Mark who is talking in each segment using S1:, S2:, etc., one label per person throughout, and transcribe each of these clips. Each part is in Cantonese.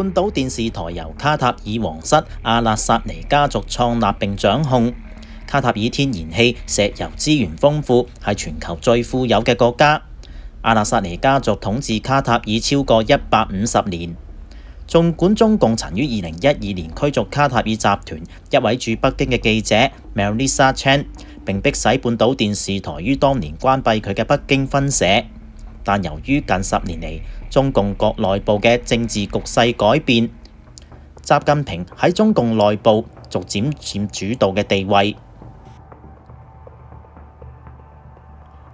S1: 半島電視台由卡塔爾王室阿拉薩尼家族創立並掌控。卡塔爾天然氣、石油資源豐富，係全球最富有嘅國家。阿拉薩尼家族統治卡塔爾超過一百五十年。縱管中共曾於二零一二年驅逐卡塔爾集團一位駐北京嘅記者 Melissa Chan，並迫使半島電視台於當年關閉佢嘅北京分社。但由於近十年嚟中共國內部嘅政治局勢改變，習近平喺中共內部逐漸佔主導嘅地位。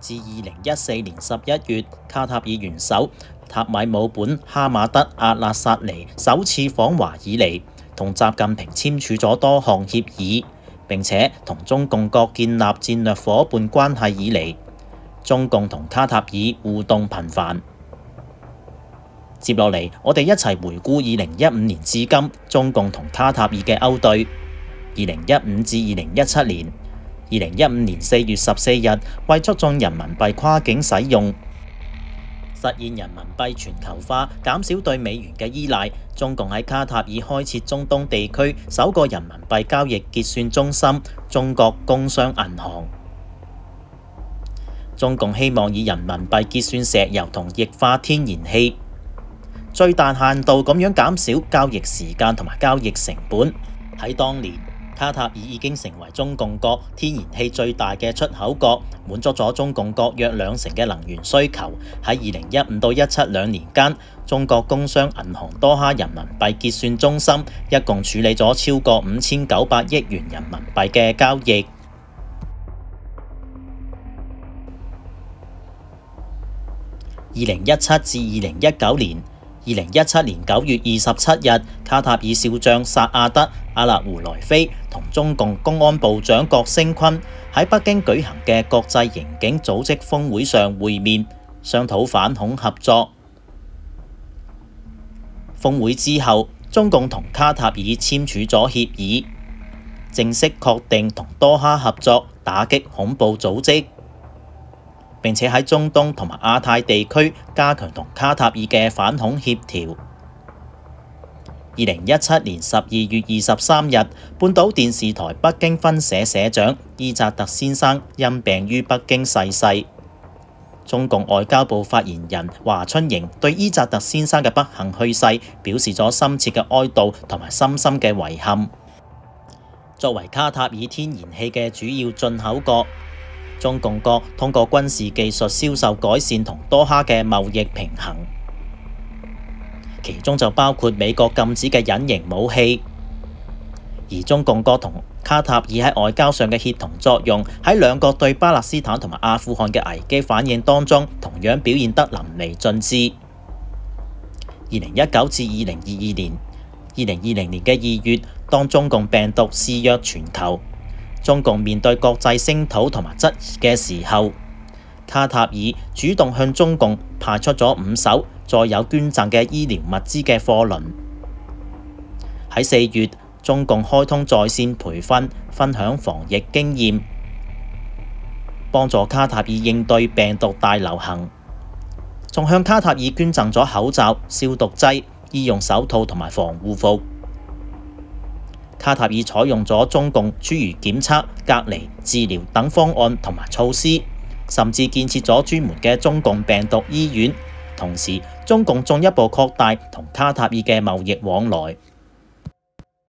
S1: 自二零一四年十一月卡塔爾元首塔米姆本哈馬德阿勒薩尼首次訪華以嚟，同習近平簽署咗多項協議，並且同中共國建立戰略伙伴關係以嚟。中共同卡塔爾互動頻繁。接落嚟，我哋一齊回顧二零一五年至今中共同卡塔爾嘅勾兌。二零一五至二零一七年，二零一五年四月十四日，為促進人民幣跨境使用，實現人民幣全球化，減少對美元嘅依賴，中共喺卡塔爾開設中東地區首個人民幣交易結算中心——中國工商銀行。中共希望以人民幣結算石油同液化天然氣，最大限度咁樣減少交易時間同埋交易成本。喺當年，卡塔爾已經成為中共國天然氣最大嘅出口國，滿足咗中共國約兩成嘅能源需求。喺二零一五到一七兩年間，中國工商銀行多哈人民幣結算中心一共處理咗超過五千九百億元人民幣嘅交易。二零一七至二零一九年，二零一七年九月二十七日，卡塔爾少將薩阿德·阿勒胡萊菲同中共公安部長郭聲琨喺北京舉行嘅國際刑警組織峰會上會面，商討反恐合作。峰會之後，中共同卡塔爾簽署咗協議，正式確定同多哈合作打擊恐怖組織。並且喺中東同埋亞太地區加強同卡塔爾嘅反恐協調。二零一七年十二月二十三日，半島電視台北京分社社長伊澤特先生因病於北京逝世，世。中共外交部發言人華春瑩對伊澤特先生嘅不幸去世表示咗深切嘅哀悼同埋深深嘅遺憾。作為卡塔爾天然氣嘅主要進口國。中共國通過軍事技術銷售改善同多哈嘅貿易平衡，其中就包括美國禁止嘅隱形武器。而中共國同卡塔爾喺外交上嘅協同作用，喺兩國對巴勒斯坦同埋阿富汗嘅危機反應當中，同樣表現得淋漓盡致。二零一九至二零二二年，二零二零年嘅二月，當中共病毒肆虐全球。中共面對國際聲討同埋質疑嘅時候，卡塔爾主動向中共派出咗五艘載有捐贈嘅醫療物資嘅貨輪。喺四月，中共開通在線培訓，分享防疫經驗，幫助卡塔爾應對病毒大流行，仲向卡塔爾捐贈咗口罩、消毒劑、醫用手套同埋防護服。卡塔爾採用咗中共諸如檢測、隔離、治療等方案同埋措施，甚至建設咗專門嘅中共病毒醫院。同時，中共進一步擴大同卡塔爾嘅貿易往來。